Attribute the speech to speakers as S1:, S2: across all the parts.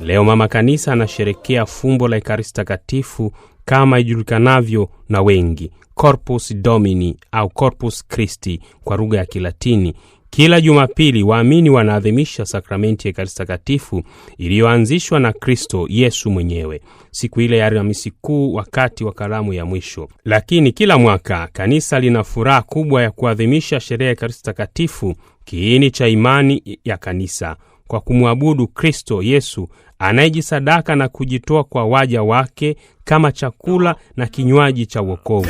S1: Leo mama kanisa anasherekea fumbo la Ekaristi takatifu kama ijulikanavyo na wengi. Corpus Domini au Corpus Christi kwa lugha ya Kilatini. Kila Jumapili waamini wanaadhimisha sakramenti ya Ekaristi Takatifu iliyoanzishwa na Kristo Yesu mwenyewe siku ile ya Alhamisi Kuu, wakati wa karamu ya mwisho. Lakini kila mwaka kanisa lina furaha kubwa ya kuadhimisha sherehe ya Ekaristi Takatifu, kiini cha imani ya kanisa kwa kumwabudu Kristo Yesu anayejisadaka na kujitoa kwa waja wake kama chakula na kinywaji cha wokovu.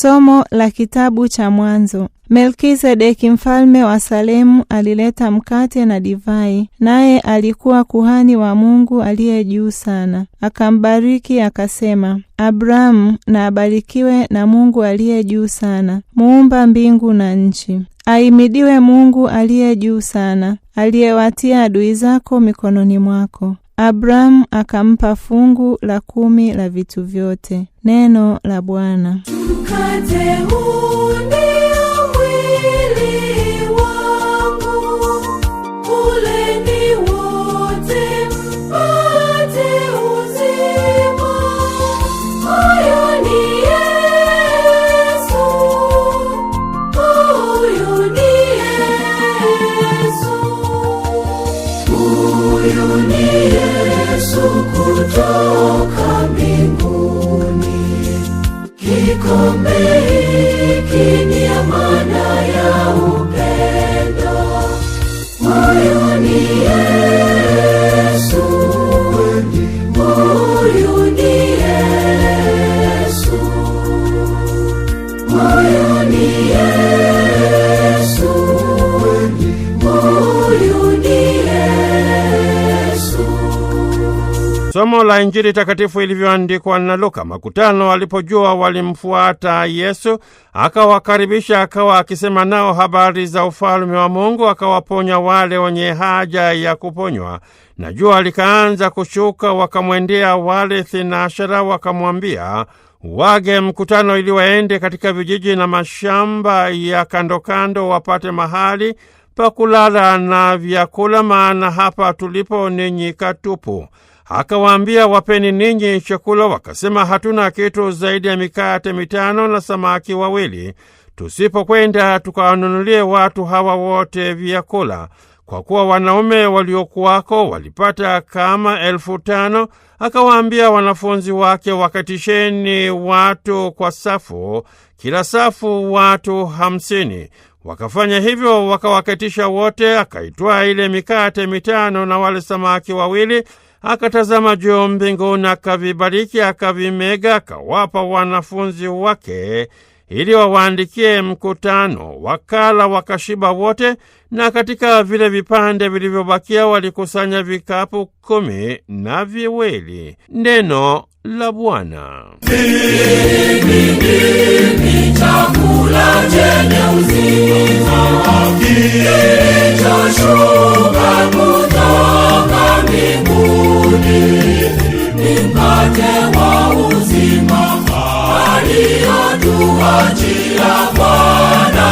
S2: Somo la kitabu cha Mwanzo. Melkizedeki mfalme wa Salemu alileta mkate na divai, naye alikuwa kuhani wa Mungu aliye juu sana. Akambariki akasema, Abrahamu na abarikiwe na Mungu aliye juu sana, muumba mbingu na nchi. Aimidiwe Mungu aliye juu sana, aliyewatia adui zako mikononi mwako. Abrahamu akampa fungu la kumi la vitu vyote. Neno la Bwana. Amen. Somo la Injili takatifu ilivyoandikwa na Luka. Makutano alipojua walimfuata Yesu, akawakaribisha, akawa akisema nao habari za ufalme wa Mungu, akawaponya wale wenye haja ya kuponywa. Na jua likaanza kushuka, wakamwendea wale thinashara, wakamwambia wage mkutano ili waende katika vijiji na mashamba ya kandokando, wapate mahali pa kulala na vyakula, maana hapa tulipo ni nyika tupu akawaambia, wapeni ninyi chakula.
S1: Wakasema, hatuna kitu zaidi ya mikate mitano na samaki wawili, tusipokwenda tukawanunulie watu hawa wote vyakula kwa kuwa wanaume waliokuwako walipata kama elfu tano. Akawaambia wanafunzi wake, wakatisheni watu kwa safu, kila safu watu hamsini. Wakafanya hivyo, wakawakatisha wote. Akaitwaa ile mikate mitano na wale samaki wawili, akatazama juu mbinguni, akavibariki, akavimega, akawapa wanafunzi wake ili wawaandikie mkutano. Wakala wakashiba wote, na katika vile vipande vilivyobakia walikusanya vikapu kumi na viwili. Neno la Bwana chakula chenye uzima kilichoshuka kutoka mbinguni, ni wa uzima aliotuachia Bwana.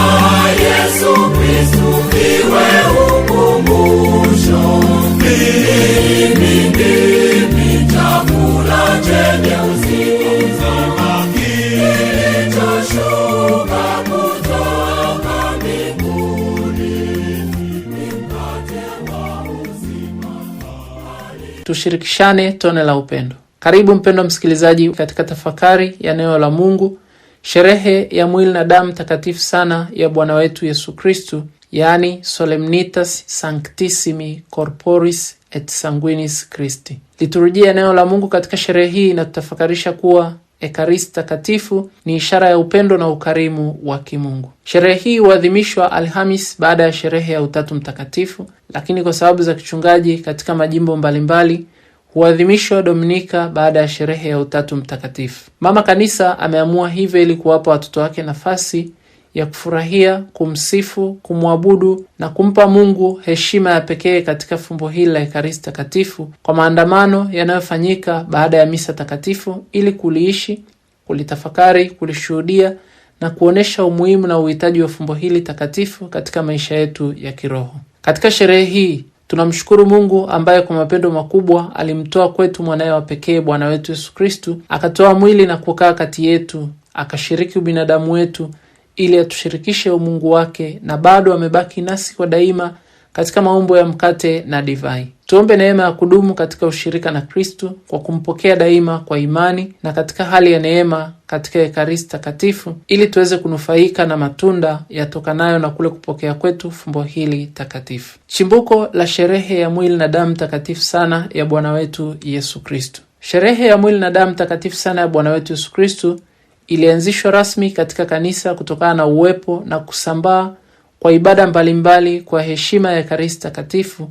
S1: tushirikishane tone la upendo. Karibu wa msikilizaji, katika tafakari ya neno la Mungu, sherehe ya mwili na damu takatifu sana ya Bwana wetu Yesu Kristu, yaani Solemnitas Sanctissimi Corporis et Sanguinis Christi. Liturujia eneo la Mungu katika sherehe hii inatutafakarisha kuwa Ekaristi takatifu ni ishara ya upendo na ukarimu wa kimungu. Sherehe hii huadhimishwa Alhamis baada ya sherehe ya Utatu Mtakatifu, lakini kwa sababu za kichungaji katika majimbo mbalimbali huadhimishwa Dominika baada ya sherehe ya Utatu Mtakatifu. Mama Kanisa ameamua hivyo ili kuwapa watoto wake nafasi ya kufurahia, kumsifu, kumwabudu na kumpa Mungu heshima ya pekee katika fumbo hili la Ekaristi Takatifu kwa maandamano yanayofanyika baada ya misa takatifu ili kuliishi, kulitafakari, kulishuhudia na kuonesha umuhimu na uhitaji wa fumbo hili takatifu katika maisha yetu ya kiroho. Katika sherehe hii Tunamshukuru Mungu ambaye kwa mapendo makubwa alimtoa kwetu mwanaye wa pekee Bwana wetu Yesu Kristu, akatoa mwili na kukaa kati yetu, akashiriki ubinadamu wetu ili atushirikishe umungu wake, na bado amebaki nasi kwa daima katika maumbo ya mkate na divai. Tuombe neema ya kudumu katika ushirika na Kristu kwa kumpokea daima kwa imani na katika hali ya neema katika Ekaristi Takatifu, ili tuweze kunufaika na matunda yatokanayo na kule kupokea kwetu fumbo hili takatifu, chimbuko la sherehe ya mwili na damu takatifu sana ya Bwana wetu Yesu Kristu. Sherehe ya mwili na damu takatifu sana ya Bwana wetu Yesu Kristu ilianzishwa rasmi katika kanisa kutokana na uwepo na kusambaa kwa ibada mbalimbali mbali, kwa heshima ya Ekaristi Takatifu,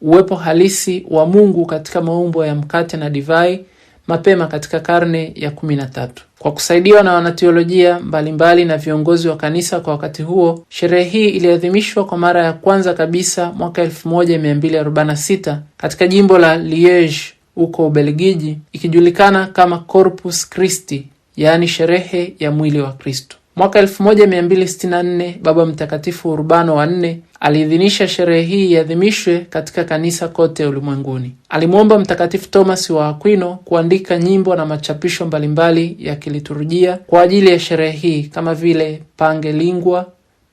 S1: uwepo halisi wa Mungu katika maumbo ya mkate na divai mapema katika karne ya kumi na tatu. Kwa kusaidiwa na wanateolojia mbalimbali na viongozi wa kanisa kwa wakati huo, sherehe hii iliadhimishwa kwa mara ya kwanza kabisa mwaka 1246 katika jimbo la Liege huko Ubelgiji, ikijulikana kama Corpus Christi, yaani sherehe ya mwili wa Kristo. Mwaka 1264 Baba Mtakatifu Urbano wa nne aliidhinisha sherehe hii iadhimishwe katika kanisa kote ulimwenguni. Alimwomba Mtakatifu Thomas wa Aquino kuandika nyimbo na machapisho mbalimbali ya kiliturujia kwa ajili ya sherehe hii kama vile Pange lingwa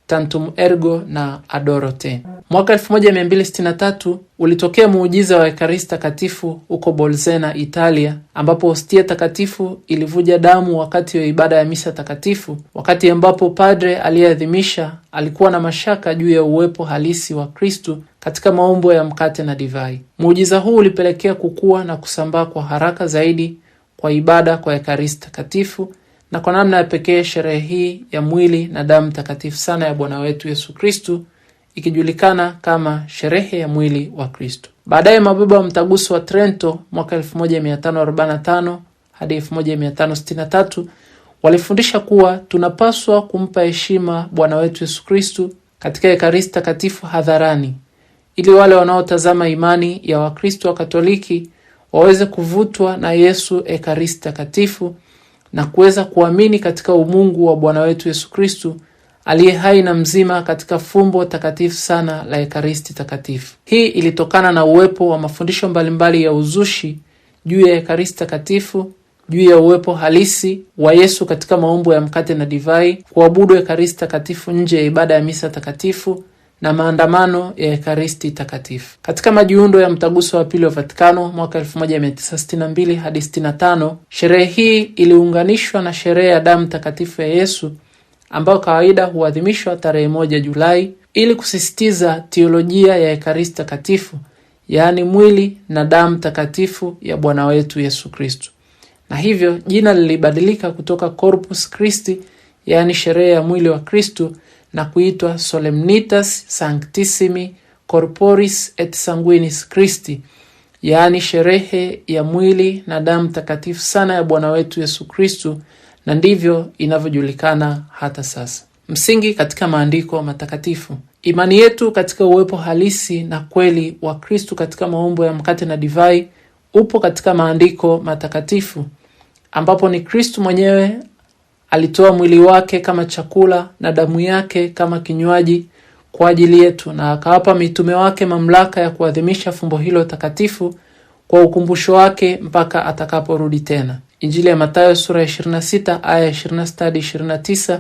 S1: Tantum Ergo na Adoro Te. Mwaka 1263 ulitokea muujiza wa Ekaristi Takatifu huko bolzena Italia, ambapo hostia takatifu ilivuja damu wakati wa ibada ya misa takatifu, wakati ambapo padre aliyeadhimisha alikuwa na mashaka juu ya uwepo halisi wa Kristu katika maumbo ya mkate na divai. Muujiza huu ulipelekea kukua na kusambaa kwa haraka zaidi kwa ibada kwa Ekaristi Takatifu na kwa namna ya pekee sherehe hii ya mwili na damu takatifu sana ya Bwana wetu Yesu Kristu ikijulikana kama sherehe ya mwili wa kristu Baadaye mababa wa mtaguso wa Trento mwaka 1545 hadi 1563 walifundisha kuwa tunapaswa kumpa heshima Bwana wetu Yesu Kristu katika Ekaristi takatifu hadharani, ili wale wanaotazama imani ya wakristu wa Katoliki waweze kuvutwa na Yesu Ekaristi takatifu na kuweza kuamini katika umungu wa Bwana wetu Yesu Kristu aliye hai na mzima katika fumbo takatifu sana la Ekaristi Takatifu. Hii ilitokana na uwepo wa mafundisho mbalimbali ya uzushi juu ya Ekaristi Takatifu, juu ya uwepo halisi wa Yesu katika maumbo ya mkate na divai, kuabudu Ekaristi Takatifu nje ya ibada ya misa takatifu na maandamano ya Ekaristi Takatifu. Katika majiundo ya Mtaguso wa Pili wa Vatikano mwaka 1962 hadi 65, sherehe hii iliunganishwa na sherehe ya Damu Takatifu ya Yesu ambayo kawaida huadhimishwa tarehe moja Julai ili kusisitiza teolojia ya Ekaristi Takatifu, yaani mwili na damu takatifu ya Bwana wetu Yesu kristu na hivyo jina lilibadilika kutoka Corpus kristi yaani sherehe ya mwili wa kristu na kuitwa Solemnitas Sanctissimi Corporis et Sanguinis Christi, yaani sherehe ya mwili na damu takatifu sana ya Bwana wetu Yesu Kristu, na ndivyo inavyojulikana hata sasa. Msingi katika maandiko matakatifu. Imani yetu katika uwepo halisi na kweli wa Kristu katika maumbo ya mkate na divai upo katika maandiko matakatifu ambapo ni Kristu mwenyewe alitoa mwili wake kama chakula na damu yake kama kinywaji kwa ajili yetu, na akawapa mitume wake mamlaka ya kuadhimisha fumbo hilo takatifu kwa ukumbusho wake mpaka atakaporudi tena. Injili ya Mathayo sura ya 26 aya 26 hadi 29,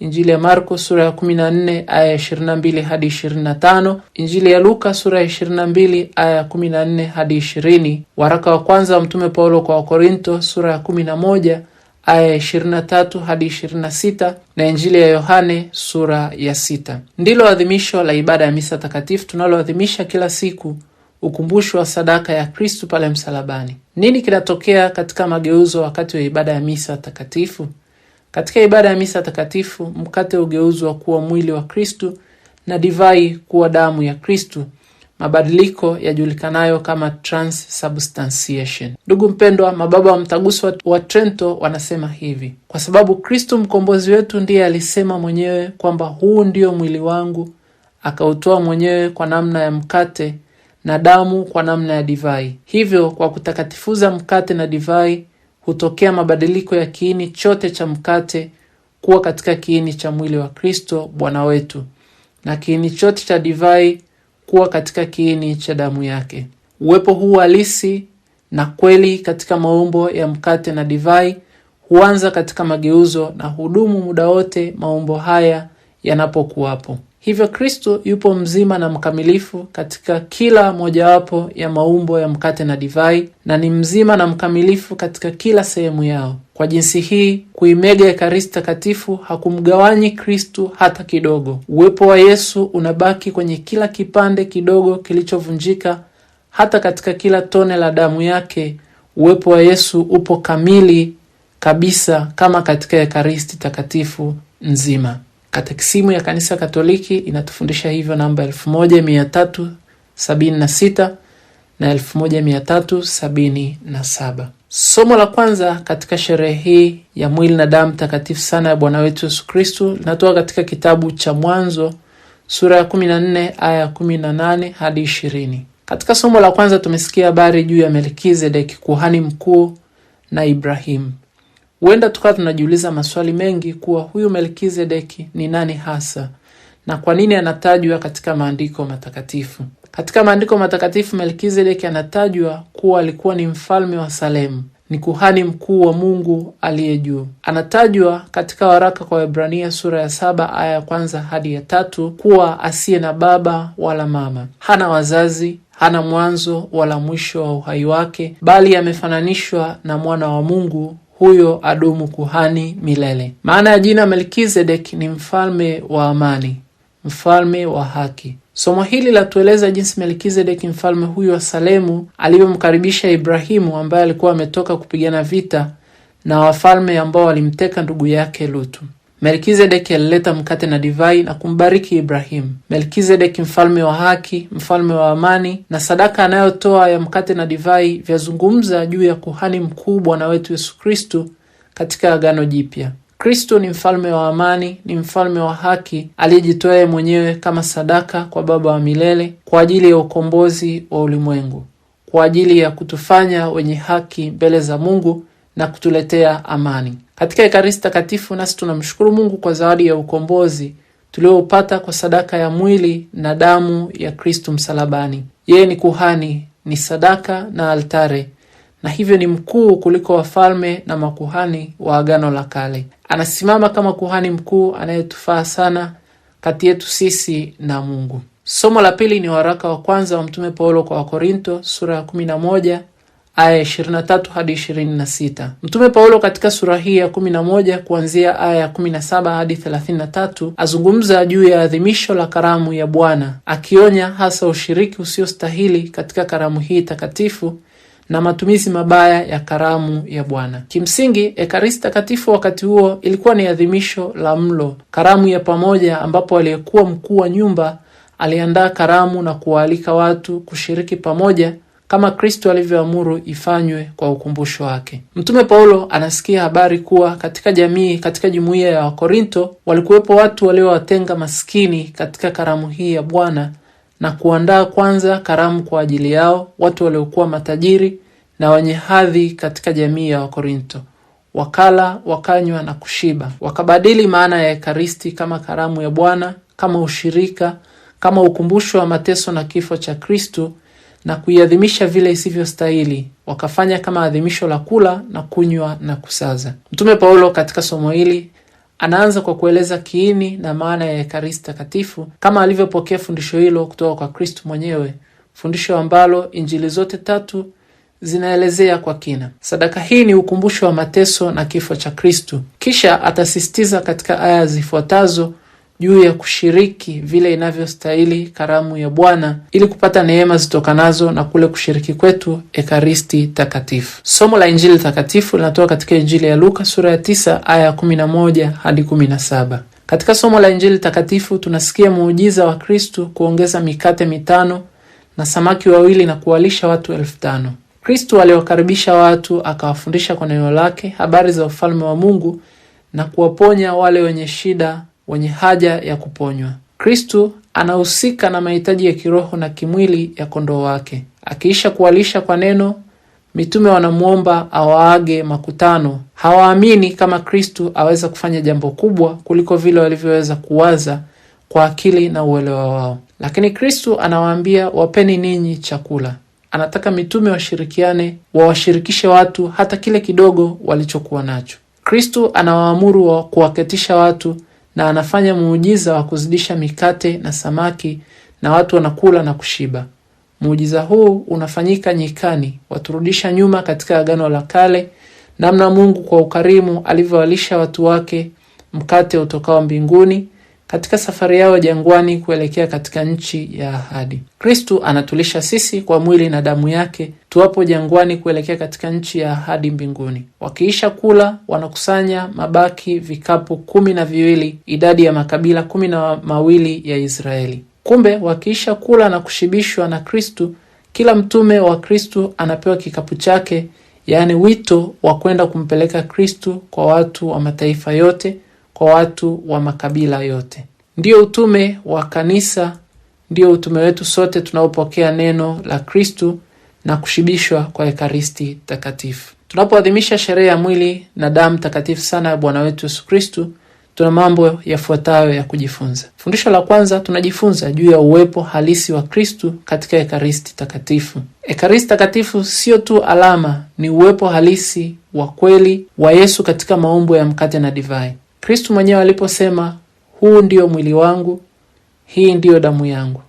S1: Injili ya Marko sura ya 14 aya 22 hadi 25, Injili ya Luka sura ya 22 aya 14 hadi 20, waraka wa kwanza wa Mtume Paulo kwa Wakorinto sura ya 11 aya ya 23 hadi 26 na Injili ya Yohane sura ya sita. Ndilo adhimisho la ibada ya misa takatifu tunaloadhimisha kila siku, ukumbusho wa sadaka ya Kristu pale msalabani. Nini kinatokea katika mageuzo wakati wa ibada ya misa takatifu? Katika ibada ya misa takatifu, mkate ugeuzwa kuwa mwili wa Kristu na divai kuwa damu ya Kristu mabadiliko yajulikanayo kama transubstantiation. Ndugu mpendwa, mababa wa mtaguso wa Trento wanasema hivi: kwa sababu kristu mkombozi wetu ndiye alisema mwenyewe kwamba huu ndio mwili wangu, akautoa mwenyewe kwa namna ya mkate na damu kwa namna ya divai. Hivyo kwa kutakatifuza mkate na divai hutokea mabadiliko ya kiini chote cha mkate kuwa katika kiini cha mwili wa Kristo Bwana wetu na kiini chote cha divai kuwa katika kiini cha damu yake. Uwepo huu halisi na kweli katika maumbo ya mkate na divai huanza katika mageuzo na hudumu muda wote maumbo haya yanapokuwapo. Hivyo Kristo yupo mzima na mkamilifu katika kila mojawapo ya maumbo ya mkate na divai, na ni mzima na mkamilifu katika kila sehemu yao. Kwa jinsi hii, kuimega Ekaristi Takatifu hakumgawanyi Kristu hata kidogo. Uwepo wa Yesu unabaki kwenye kila kipande kidogo kilichovunjika, hata katika kila tone la damu yake. Uwepo wa Yesu upo kamili kabisa, kama katika Ekaristi Takatifu nzima. Katekisimu ya Kanisa Katoliki inatufundisha hivyo namba 1376 na 1377. Somo la kwanza katika sherehe hii ya mwili na damu takatifu sana ya Bwana wetu Yesu Kristu linatoka katika kitabu cha Mwanzo sura ya 14 aya ya 18 hadi 20. Katika somo la kwanza tumesikia habari juu ya Melkizedeki kuhani mkuu na Ibrahimu. Huenda tukawa tunajiuliza maswali mengi kuwa huyu Melkizedeki ni nani hasa na kwa nini anatajwa katika maandiko matakatifu? Katika maandiko matakatifu Melkizedeki anatajwa kuwa alikuwa ni mfalme wa Salemu, ni kuhani mkuu wa Mungu aliye juu. Anatajwa katika waraka kwa hebrania sura ya saba aya ya kwanza hadi ya tatu kuwa asiye na baba wala mama, hana wazazi hana mwanzo wala mwisho wa uhai wake, bali amefananishwa na mwana wa Mungu huyo adumu kuhani milele. Maana ya jina Melkizedek ni mfalme wa amani, mfalme wa haki. Somo hili latueleza jinsi Melkizedek mfalme huyu wa Salemu alivyomkaribisha Ibrahimu ambaye alikuwa ametoka kupigana vita na wafalme ambao walimteka ndugu yake Lutu. Melkizedeki alileta mkate na divai na kumbariki Ibrahimu. Melkizedeki mfalme wa haki, mfalme wa amani, na sadaka anayotoa ya mkate na divai vyazungumza juu ya kuhani mkuu Bwana wetu Yesu kristu katika Agano Jipya. kristu ni mfalme wa amani, ni mfalme wa haki aliyejitoaye mwenyewe kama sadaka kwa Baba wa milele kwa ajili ya ukombozi wa ulimwengu, kwa ajili ya kutufanya wenye haki mbele za Mungu na kutuletea amani. Katika Ekaristi Takatifu nasi tunamshukuru Mungu kwa zawadi ya ukombozi tuliopata kwa sadaka ya mwili na damu ya Kristu msalabani. Yeye ni kuhani, ni sadaka na altare, na hivyo ni mkuu kuliko wafalme na makuhani wa Agano la Kale. Anasimama kama kuhani mkuu anayetufaa sana kati yetu sisi na Mungu. Somo la pili ni waraka wa kwanza wa Mtume Paulo kwa Wakorinto sura ya aya 23 hadi 26. Mtume Paulo katika sura hii ya 11 kuanzia aya ya 17 hadi 33 azungumza juu ya adhimisho la karamu ya Bwana, akionya hasa ushiriki usiostahili katika karamu hii takatifu na matumizi mabaya ya karamu ya Bwana. Kimsingi, Ekaristi Takatifu wakati huo ilikuwa ni adhimisho la mlo, karamu ya pamoja, ambapo aliyekuwa mkuu wa nyumba aliandaa karamu na kuwaalika watu kushiriki pamoja kama Kristo alivyoamuru ifanywe kwa ukumbusho wake. Mtume Paulo anasikia habari kuwa katika jamii, katika jumuiya ya Wakorinto walikuwepo watu waliowatenga maskini katika karamu hii ya Bwana na kuandaa kwanza karamu kwa ajili yao, watu waliokuwa matajiri na wenye hadhi katika jamii ya Wakorinto. Wakala, wakanywa na kushiba, wakabadili maana ya Ekaristi kama karamu ya Bwana, kama ushirika, kama ukumbusho wa mateso na kifo cha kristu na kuiadhimisha vile isivyostahili, wakafanya kama adhimisho la kula na kunywa na kusaza. Mtume Paulo katika somo hili anaanza kwa kueleza kiini na maana ya Ekaristi Takatifu kama alivyopokea fundisho hilo kutoka kwa kristu mwenyewe, fundisho ambalo Injili zote tatu zinaelezea kwa kina. Sadaka hii ni ukumbusho wa mateso na kifo cha Kristu. Kisha atasisitiza katika aya zifuatazo juu ya kushiriki vile inavyostahili karamu ya Bwana ili kupata neema zitokanazo na kule kushiriki kwetu Ekaristi Takatifu. Somo la Injili Takatifu linatoka katika Injili ya Luka sura ya 9 aya ya 11 hadi 17. Katika somo la Injili Takatifu tunasikia muujiza wa Kristu kuongeza mikate mitano na samaki wawili na kuwalisha watu elfu tano. Kristu aliwakaribisha watu akawafundisha kwa neno lake habari za ufalme wa Mungu na kuwaponya wale wenye shida wenye haja ya kuponywa. Kristu anahusika na mahitaji ya kiroho na kimwili ya kondoo wake. Akiisha kuwalisha kwa neno, mitume wanamwomba awaage makutano. Hawaamini kama Kristu aweza kufanya jambo kubwa kuliko vile walivyoweza kuwaza kwa akili na uelewa wao, lakini Kristu anawaambia wapeni ninyi chakula. Anataka mitume washirikiane, wawashirikishe watu hata kile kidogo walichokuwa nacho. Kristu anawaamuru wa kuwaketisha watu na anafanya muujiza wa kuzidisha mikate na samaki, na watu wanakula na kushiba. Muujiza huu unafanyika nyikani, waturudisha nyuma katika Agano la Kale, namna Mungu kwa ukarimu alivyowalisha watu wake mkate utokao mbinguni katika safari yao jangwani kuelekea katika nchi ya ahadi. Kristu anatulisha sisi kwa mwili na damu yake tuwapo jangwani kuelekea katika nchi ya ahadi mbinguni. Wakiisha kula, wanakusanya mabaki vikapu kumi na viwili, idadi ya makabila kumi na mawili ya Israeli. Kumbe wakiisha kula na kushibishwa na Kristu, kila mtume wa Kristu anapewa kikapu chake, yaani wito wa kwenda kumpeleka Kristu kwa watu wa mataifa yote kwa watu wa makabila yote. Ndiyo utume wa kanisa, ndiyo utume wetu sote tunaopokea neno la Kristu na kushibishwa kwa Ekaristi Takatifu. Tunapoadhimisha sherehe ya mwili na damu takatifu sana ya Bwana wetu Yesu Kristu, tuna mambo yafuatayo ya kujifunza. Fundisho la kwanza, tunajifunza juu ya uwepo halisi wa Kristu katika Ekaristi Takatifu. Ekaristi Takatifu sio tu alama, ni uwepo halisi wa kweli wa Yesu katika maumbo ya mkate na divai. Kristu mwenyewe aliposema huu ndio mwili wangu, hii ndiyo damu yangu.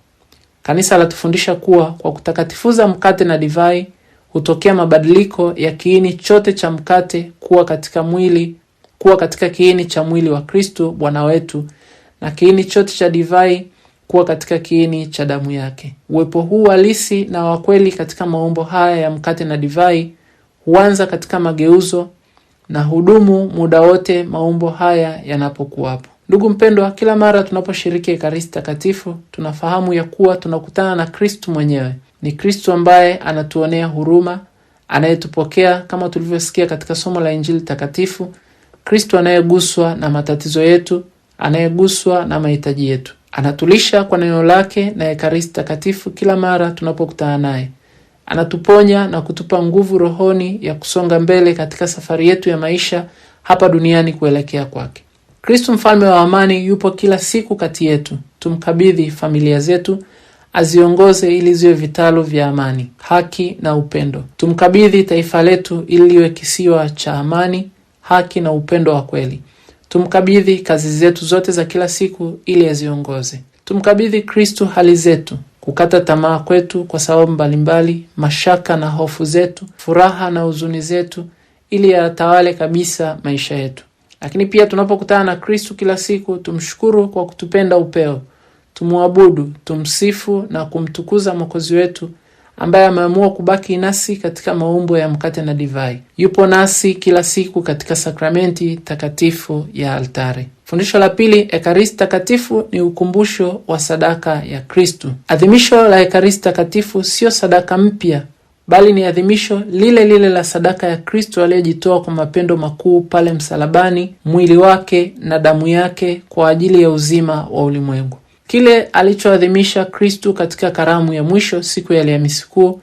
S1: Kanisa latufundisha kuwa kwa kutakatifuza mkate na divai hutokea mabadiliko ya kiini chote cha mkate kuwa katika mwili kuwa katika kiini cha mwili wa Kristu Bwana wetu na kiini chote cha divai kuwa katika kiini cha damu yake. Uwepo huu halisi na wakweli katika maumbo haya ya mkate na divai huanza katika mageuzo na hudumu muda wote maumbo haya yanapokuwapo. Ndugu mpendwa, kila mara tunaposhiriki Ekaristi Takatifu tunafahamu ya kuwa tunakutana na Kristu mwenyewe. Ni Kristu ambaye anatuonea huruma, anayetupokea kama tulivyosikia katika somo la Injili Takatifu, Kristu anayeguswa na matatizo yetu, anayeguswa na mahitaji yetu, anatulisha kwa neno lake na Ekaristi Takatifu kila mara tunapokutana naye. Anatuponya na kutupa nguvu rohoni ya kusonga mbele katika safari yetu ya maisha hapa duniani kuelekea kwake. kristu mfalme wa amani yupo kila siku kati yetu. Tumkabidhi familia zetu aziongoze ili ziwe vitalu vya amani, haki na upendo. Tumkabidhi taifa letu ili liwe kisiwa cha amani, haki na upendo wa kweli. Tumkabidhi kazi zetu zote za kila siku ili aziongoze. Tumkabidhi kristu hali zetu, kukata tamaa kwetu kwa sababu mbalimbali, mashaka na hofu zetu, furaha na huzuni zetu, ili yatawale kabisa maisha yetu. Lakini pia tunapokutana na Kristu kila siku, tumshukuru kwa kutupenda upeo, tumwabudu, tumsifu na kumtukuza Mwokozi wetu ambaye ameamua kubaki nasi katika maumbo ya mkate na divai. Yupo nasi kila siku katika sakramenti takatifu ya altari. Fundisho la pili, Ekaristi Takatifu ni ukumbusho wa sadaka ya Kristu. Adhimisho la Ekaristi Takatifu siyo sadaka mpya, bali ni adhimisho lile lile la sadaka ya Kristu aliyejitoa kwa mapendo makuu pale msalabani, mwili wake na damu yake kwa ajili ya uzima wa ulimwengu. Kile alichoadhimisha Kristu katika karamu ya mwisho siku ya Alhamisi Kuu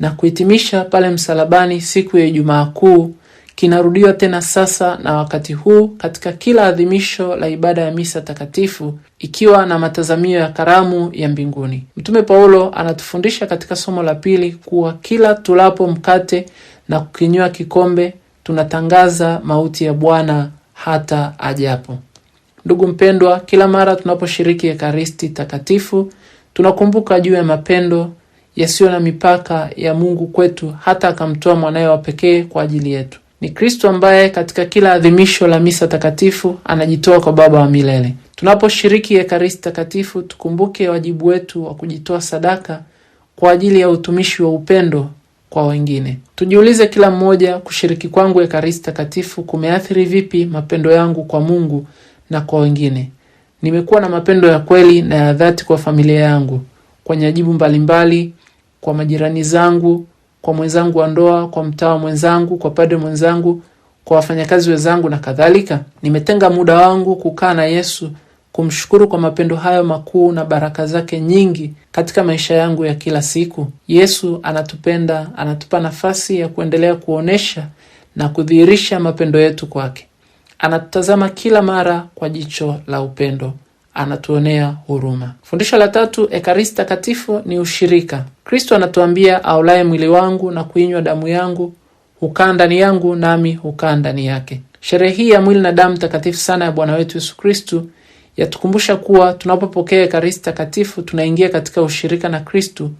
S1: na kuhitimisha pale msalabani siku ya Ijumaa Kuu kinarudiwa tena sasa na wakati huu katika kila adhimisho la ibada ya misa takatifu ikiwa na matazamio ya karamu ya mbinguni. Mtume Paulo anatufundisha katika somo la pili kuwa kila tulapo mkate na kukinywa kikombe tunatangaza mauti ya Bwana hata ajapo. Ndugu mpendwa, kila mara tunaposhiriki Ekaristi takatifu tunakumbuka juu ya mapendo yasiyo na mipaka ya Mungu kwetu hata akamtoa mwanaye wa pekee kwa ajili yetu. Ni Kristo ambaye katika kila adhimisho la misa takatifu anajitoa kwa Baba wa milele. Tunaposhiriki Ekaristi takatifu, tukumbuke wajibu wetu wa kujitoa sadaka kwa ajili ya utumishi wa upendo kwa wengine. Tujiulize kila mmoja, kushiriki kwangu Ekaristi takatifu kumeathiri vipi mapendo yangu kwa Mungu na kwa wengine? Nimekuwa na mapendo ya kweli na ya dhati kwa familia yangu, kwa nyajibu mbalimbali, kwa majirani zangu kwa mwenzangu wa ndoa, kwa mtawa mwenzangu, kwa pade mwenzangu, kwa wafanyakazi wenzangu na kadhalika. Nimetenga muda wangu kukaa na Yesu, kumshukuru kwa mapendo hayo makuu na baraka zake nyingi katika maisha yangu ya kila siku. Yesu anatupenda, anatupa nafasi ya kuendelea kuonesha na kudhihirisha mapendo yetu kwake. Anatutazama kila mara kwa jicho la upendo anatuonea huruma. Fundisho la tatu, Ekaristi Takatifu ni ushirika. Kristo anatuambia, aulaye mwili wangu na kuinywa damu yangu hukaa ndani yangu nami hukaa ndani yake. Sherehe hii ya mwili na damu takatifu sana ya Bwana wetu Yesu Kristu yatukumbusha kuwa tunapopokea Ekaristi Takatifu tunaingia katika ushirika na Kristu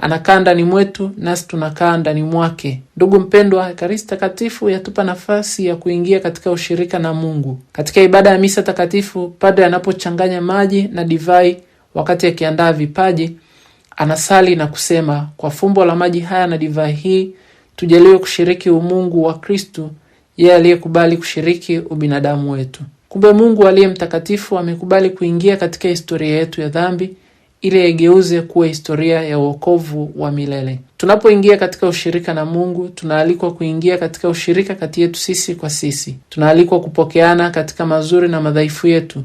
S1: anakaa ndani mwetu nasi tunakaa ndani mwake. Ndugu mpendwa, Ekaristi Takatifu yatupa nafasi ya kuingia katika ushirika na Mungu. Katika ibada ya misa takatifu, padre anapochanganya maji na divai wakati akiandaa vipaji, anasali na kusema, kwa fumbo la maji haya na divai hii tujaliwe kushiriki umungu wa Kristu, yeye aliyekubali kushiriki ubinadamu wetu. Kumbe Mungu aliye mtakatifu amekubali kuingia katika historia yetu ya dhambi ili yaigeuze kuwa historia ya wokovu wa milele. Tunapoingia katika ushirika na Mungu, tunaalikwa kuingia katika ushirika kati yetu sisi kwa sisi. Tunaalikwa kupokeana katika mazuri na madhaifu yetu.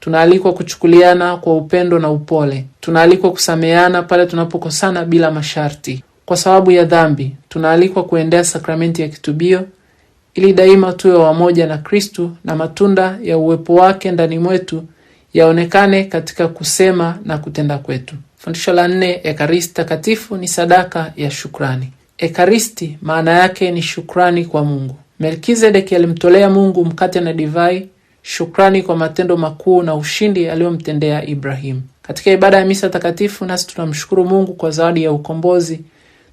S1: Tunaalikwa kuchukuliana kwa upendo na upole. Tunaalikwa kusameheana pale tunapokosana bila masharti. Kwa sababu ya dhambi, tunaalikwa kuendea sakramenti ya kitubio ili daima tuwe wamoja na Kristu na matunda ya uwepo wake ndani mwetu yaonekane katika kusema na kutenda kwetu. Fundisho la nne: Ekaristi Takatifu ni sadaka ya shukrani. Ekaristi maana yake ni shukrani kwa Mungu. Melkizedeki alimtolea Mungu mkate na divai, shukrani kwa matendo makuu na ushindi aliyomtendea Ibrahimu. Katika ibada ya misa takatifu, nasi tunamshukuru Mungu kwa zawadi ya ukombozi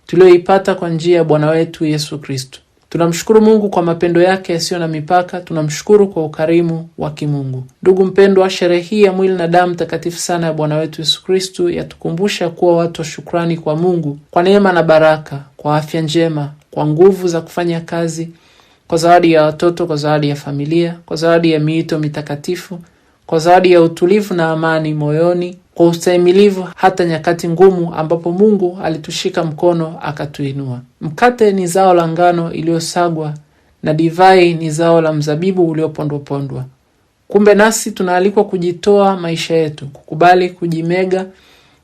S1: tulioipata kwa njia ya Bwana wetu Yesu kristu Tunamshukuru Mungu kwa mapendo yake yasiyo na mipaka, tunamshukuru kwa ukarimu wa kimungu. Ndugu mpendwa, sherehe hii ya mwili na damu takatifu sana ya Bwana wetu Yesu Kristu yatukumbusha kuwa watu wa shukrani kwa Mungu kwa neema na baraka, kwa afya njema, kwa nguvu za kufanya kazi, kwa zawadi ya watoto, kwa zawadi ya familia, kwa zawadi ya miito mitakatifu, kwa zawadi ya utulivu na amani moyoni kwa ustahimilivu hata nyakati ngumu ambapo Mungu alitushika mkono akatuinua. Mkate ni zao la ngano iliyosagwa na divai ni zao la mzabibu uliopondwapondwa. Kumbe nasi tunaalikwa kujitoa maisha yetu, kukubali kujimega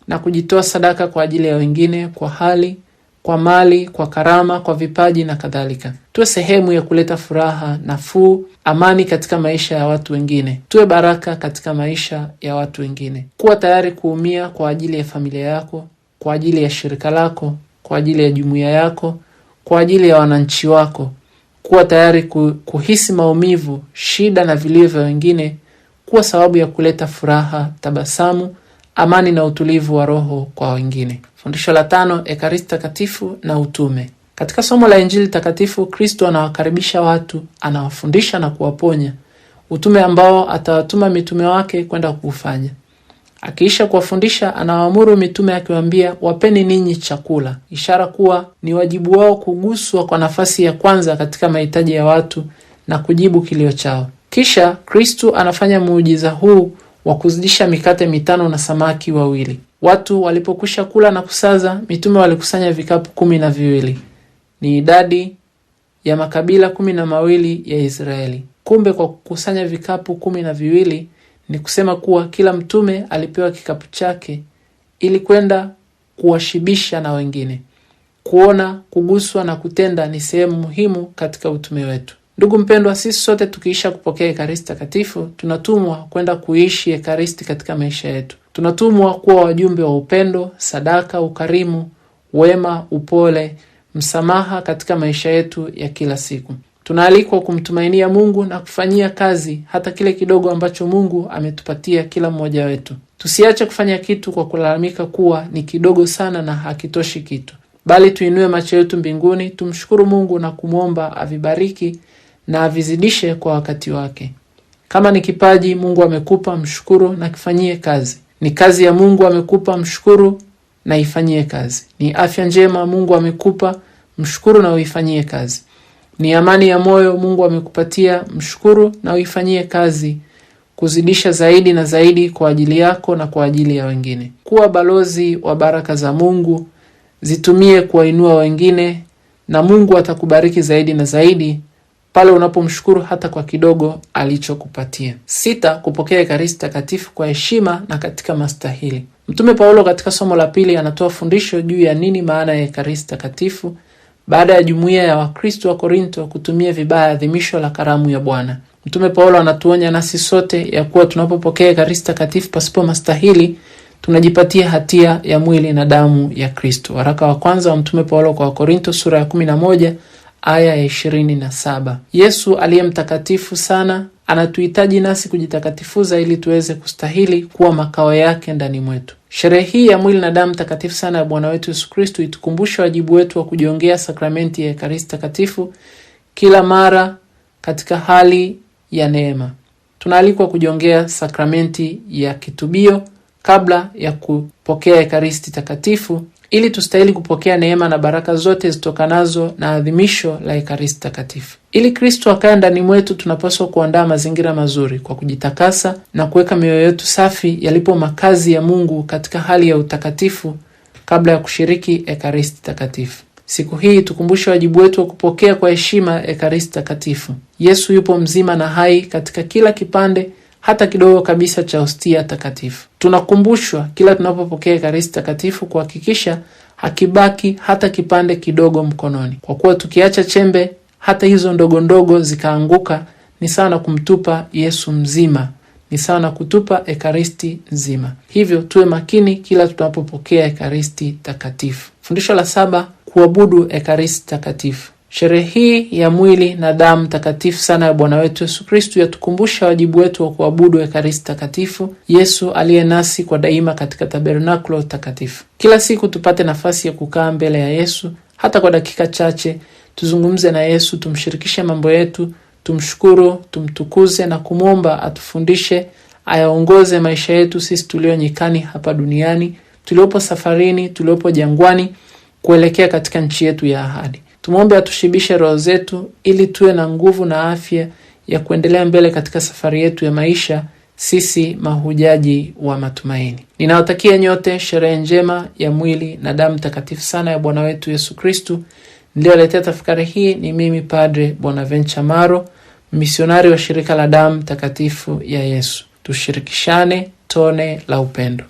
S1: na kujitoa sadaka kwa ajili ya wengine kwa hali kwa mali, kwa karama, kwa vipaji na kadhalika. Tuwe sehemu ya kuleta furaha, nafuu, amani katika maisha ya watu wengine. Tuwe baraka katika maisha ya watu wengine. Kuwa tayari kuumia kwa ajili ya familia yako, kwa ajili ya shirika lako, kwa ajili ya jumuiya yako, kwa ajili ya wananchi wako. Kuwa tayari kuhisi maumivu, shida na vilio vya wengine kuwa sababu ya kuleta furaha, tabasamu, amani na utulivu wa roho kwa wengine. Fundisho la tano: Ekaristi Takatifu na utume. Katika somo la Injili Takatifu, Kristo anawakaribisha watu, anawafundisha na kuwaponya, utume ambao atawatuma mitume wake kwenda kuufanya. Akiisha kuwafundisha, anawaamuru mitume akiwaambia, wapeni ninyi chakula, ishara kuwa ni wajibu wao kuguswa kwa nafasi ya kwanza katika mahitaji ya watu na kujibu kilio chao. Kisha Kristu anafanya muujiza huu wa kuzidisha mikate mitano na samaki wawili. Watu walipokwisha kula na kusaza, mitume walikusanya vikapu kumi na viwili, ni idadi ya makabila kumi na mawili ya Israeli. Kumbe kwa kukusanya vikapu kumi na viwili ni kusema kuwa kila mtume alipewa kikapu chake ili kwenda kuwashibisha na wengine. Kuona, kuguswa na kutenda ni sehemu muhimu katika utume wetu. Ndugu mpendwa, sisi sote tukiisha kupokea Ekaristi Takatifu tunatumwa kwenda kuishi Ekaristi katika maisha yetu. Tunatumwa kuwa wajumbe wa upendo, sadaka, ukarimu, wema, upole, msamaha katika maisha yetu ya kila siku. Tunaalikwa kumtumainia Mungu na kufanyia kazi hata kile kidogo ambacho Mungu ametupatia kila mmoja wetu. Tusiache kufanya kitu kwa kulalamika kuwa ni kidogo sana na hakitoshi kitu, bali tuinue macho yetu mbinguni, tumshukuru Mungu na kumwomba avibariki na avizidishe kwa wakati wake. Kama ni kipaji Mungu amekupa, mshukuru na kifanyie kazi. Ni kazi ya Mungu amekupa, mshukuru na ifanyie kazi. Ni afya njema Mungu amekupa, mshukuru na uifanyie kazi. Ni amani ya moyo Mungu amekupatia, mshukuru na uifanyie kazi kuzidisha zaidi na zaidi kwa ajili yako na kwa ajili ya wengine. Kuwa balozi wa baraka za Mungu, zitumie kuwainua wengine na Mungu atakubariki zaidi na zaidi pale unapomshukuru hata kwa kidogo alichokupatia. Sita, kupokea Ekaristi Takatifu kwa heshima na katika mastahili. Mtume Paulo katika somo la pili anatoa fundisho juu ya nini maana ya Ekaristi Takatifu baada ya jumuiya ya Wakristo wa Korinto kutumia vibaya adhimisho la karamu ya Bwana. Mtume Paulo anatuonya nasi sote ya kuwa tunapopokea Ekaristi Takatifu pasipo mastahili tunajipatia hatia ya mwili na damu ya Kristo. Waraka wa kwanza wa Mtume Paulo kwa Wakorinto sura ya aya ya ishirini na saba. Yesu aliye mtakatifu sana anatuhitaji nasi kujitakatifuza ili tuweze kustahili kuwa makao yake ndani mwetu. Sherehe hii ya mwili na damu takatifu sana ya Bwana wetu Yesu Kristu itukumbushe wajibu wetu wa kujiongea sakramenti ya Ekaristi takatifu kila mara katika hali ya neema. Tunaalikwa kujiongea sakramenti ya kitubio kabla ya kupokea Ekaristi takatifu ili tustahili kupokea neema na baraka zote zitokanazo na adhimisho la Ekaristi Takatifu. Ili Kristo akaye ndani mwetu, tunapaswa kuandaa mazingira mazuri kwa kujitakasa na kuweka mioyo yetu safi, yalipo makazi ya Mungu katika hali ya utakatifu kabla ya kushiriki Ekaristi Takatifu. Siku hii tukumbushe wajibu wetu wa kupokea kwa heshima Ekaristi Takatifu. Yesu yupo mzima na hai katika kila kipande hata kidogo kabisa cha hostia takatifu. Tunakumbushwa kila tunapopokea Ekaristi takatifu kuhakikisha hakibaki hata kipande kidogo mkononi, kwa kuwa tukiacha chembe hata hizo ndogo ndogo zikaanguka, ni sana kumtupa Yesu mzima, ni sana kutupa Ekaristi nzima. Hivyo tuwe makini kila tunapopokea Ekaristi takatifu. Fundisho la saba: kuabudu Ekaristi takatifu. Sherehe hii ya mwili na damu takatifu sana ya Bwana wetu Yesu Kristu yatukumbusha wajibu wetu wa kuabudu Ekaristi takatifu, Yesu aliye nasi kwa daima katika tabernakulo takatifu. Kila siku tupate nafasi ya kukaa mbele ya Yesu, hata kwa dakika chache, tuzungumze na Yesu, tumshirikishe mambo yetu, tumshukuru, tumtukuze na kumwomba atufundishe, ayaongoze maisha yetu sisi tulio nyikani hapa duniani, tuliopo safarini, tuliopo jangwani kuelekea katika nchi yetu ya ahadi. Tumwombe atushibishe roho zetu ili tuwe na nguvu na afya ya kuendelea mbele katika safari yetu ya maisha, sisi mahujaji wa matumaini. Ninawatakia nyote sherehe njema ya mwili na damu takatifu sana ya Bwana wetu Yesu Kristu. niliyoletea tafakari hii ni mimi Padre Bonaventure Maro, misionari wa shirika la damu takatifu ya Yesu. Tushirikishane tone la upendo.